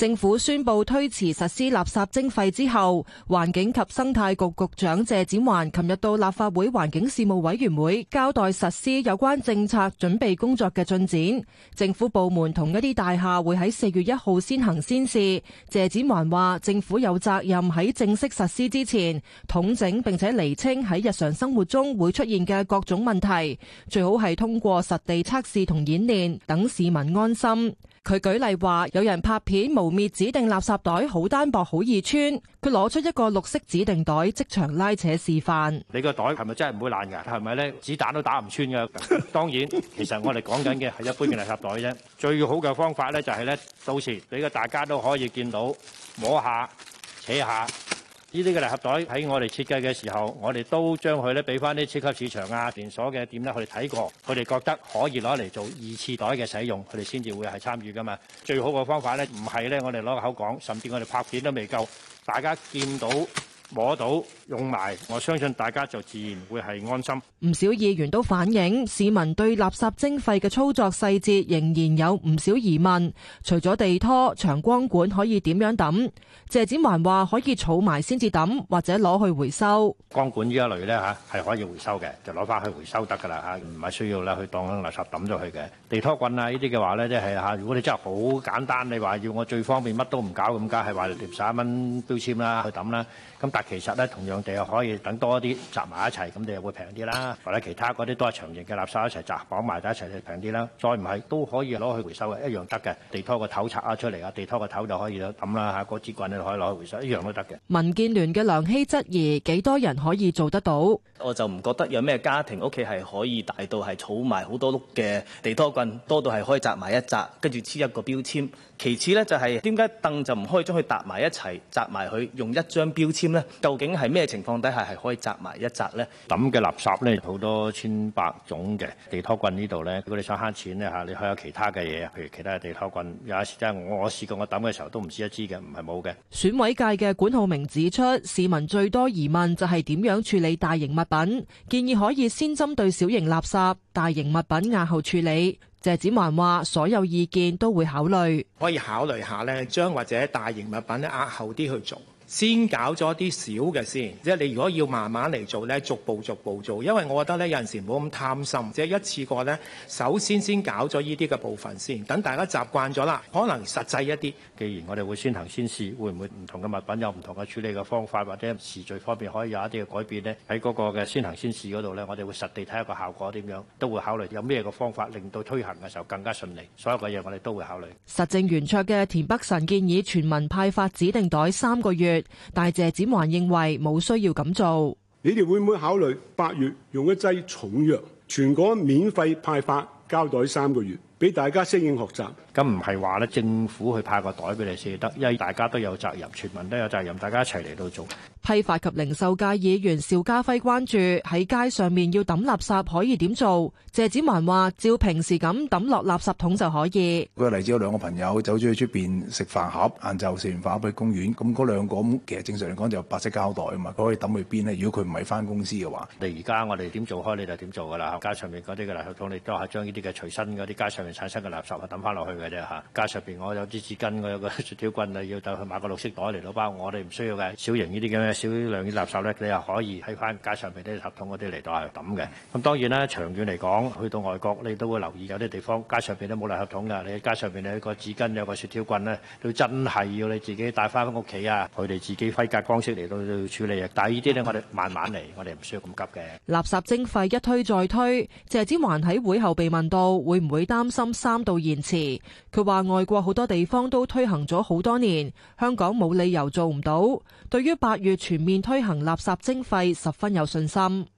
政府宣布推遲實施垃圾徵費之後，環境及生態局局長謝展寰琴日到立法會環境事務委員會交代實施有關政策準備工作嘅進展。政府部門同一啲大廈會喺四月一號先行先試。謝展寰話，政府有責任喺正式實施之前統整並且釐清喺日常生活中會出現嘅各種問題，最好係通過實地測試同演練等市民安心。佢舉例話，有人拍片污衊指定垃圾袋好單薄好易穿，佢攞出一個綠色指定袋，即場拉扯示範。你個袋係咪真係唔會爛噶？係咪咧？子彈都打唔穿嘅 當然，其實我哋講緊嘅係一般嘅垃圾袋啫。最好嘅方法咧就係咧，到時你個大家都可以見到摸下扯下。扯呢啲嘅垃圾袋喺我哋設計嘅時候，我哋都將佢咧俾翻啲超級市場啊、連鎖嘅店咧，佢哋睇過，佢哋覺得可以攞嚟做二次袋嘅使用，佢哋先至會係參與㗎嘛。最好嘅方法呢，唔係呢，我哋攞個口講，甚至我哋拍片都未夠，大家見到。摸到用埋，我相信大家就自然會係安心。唔少議員都反映，市民對垃圾徵費嘅操作細節仍然有唔少疑問，除咗地拖、長光管可以點樣抌？謝展寰話可以儲埋先至抌，或者攞去回收。光管呢一類咧吓，係可以回收嘅，就攞翻去回收得噶啦吓，唔係需要咧去當垃圾抌咗去嘅。地拖棍啊呢啲嘅話咧，就是，即係吓如果你真係好簡單，你話要我最方便乜都唔搞咁，梗係話你貼十一蚊標籤啦去抌啦。咁其實咧，同樣地又可以等多啲紮埋一齊，咁你又會平啲啦。或者其他嗰啲都係長形嘅垃圾一齊紮，綁埋一齊就平啲啦。再唔係都可以攞去回收嘅，一樣得嘅。地拖個頭拆咗出嚟啊，地拖個頭就可以咁啦嚇，支棍咧可以攞去回收，一樣都得嘅。民建聯嘅梁熙質疑幾多人可以做得到？我就唔覺得有咩家庭屋企係可以大到係儲埋好多碌嘅地拖棍，多到係可以紮埋一紮，跟住黐一個標籤。其次咧就係點解凳就唔可以將佢搭埋一齊，紮埋佢用一張標籤咧？究竟係咩情況底下係可以紮埋一紮呢？抌嘅垃圾呢，好多千百種嘅地拖棍呢度呢。如果你想慳錢呢，嚇，你去下其他嘅嘢啊，譬如其他嘅地拖棍，有時真係我試試過我抌嘅時候都唔知一支嘅，唔係冇嘅。選委界嘅管浩明指出，市民最多疑問就係點樣處理大型物品，建議可以先針對小型垃圾，大型物品押後處理。謝展寰話：所有意見都會考慮，可以考慮下呢，將或者大型物品壓後啲去做。先搞咗一啲少嘅先，即係你如果要慢慢嚟做咧，逐步逐步做，因為我覺得咧有陣時唔好咁貪心，即係一次過咧，首先先搞咗呢啲嘅部分先，等大家習慣咗啦，可能實際一啲。既然我哋會先行先試，會唔會唔同嘅物品有唔同嘅處理嘅方法，或者時序方面可以有一啲嘅改變咧？喺嗰個嘅先行先試嗰度咧，我哋會實地睇下個效果點樣，都會考慮有咩嘅方法令到推行嘅時候更加順利。所有嘅嘢我哋都會考慮。實政圓桌嘅田北辰建議全民派發指定袋三個月。大謝展寰認為冇需要咁做。你哋會唔會考慮八月用一劑重藥，全港免費派發膠袋三個月，俾大家適應學習？咁唔係話咧，政府去派個袋俾你先得，因為大家都有責任，全民都有責任，大家一齊嚟到做。批發及零售界議員邵家輝關注喺街上面要抌垃圾可以點做？謝展寰話：照平時咁抌落垃圾桶就可以。舉個例子，有兩個朋友走咗去出邊食飯盒，晏晝食完飯去公園，咁嗰兩個咁，其實正常嚟講就有白色膠袋啊嘛，佢可以抌去邊呢？如果佢唔係翻公司嘅話，你而家我哋點做開你就點做噶啦。街上面嗰啲嘅垃圾桶，你都係將呢啲嘅隨身嗰啲街上面產生嘅垃圾啊抌翻落去嘅啫吓。街上面我有啲紙巾，我有個雪條棍啊，要就去買個綠色袋嚟攞包，我哋唔需要嘅小型呢啲嘅。少量嘅垃圾咧，你又可以喺翻街上邊啲垃圾桶嗰啲嚟度啊抌嘅。咁當然啦，長遠嚟講，去到外國你都會留意有啲地方街上邊都冇垃圾桶噶，你喺街上邊你個紙巾、你個雪條棍咧，都真係要你自己帶翻翻屋企啊。佢哋自己揮甲光色嚟到處理啊。但係呢啲咧，我哋慢慢嚟，我哋唔需要咁急嘅。垃圾徵費一推再推，謝展寰喺會後被問到會唔會擔心三度延遲，佢話外國好多地方都推行咗好多年，香港冇理由做唔到。對於八月全面推行垃圾徵費十分有信心。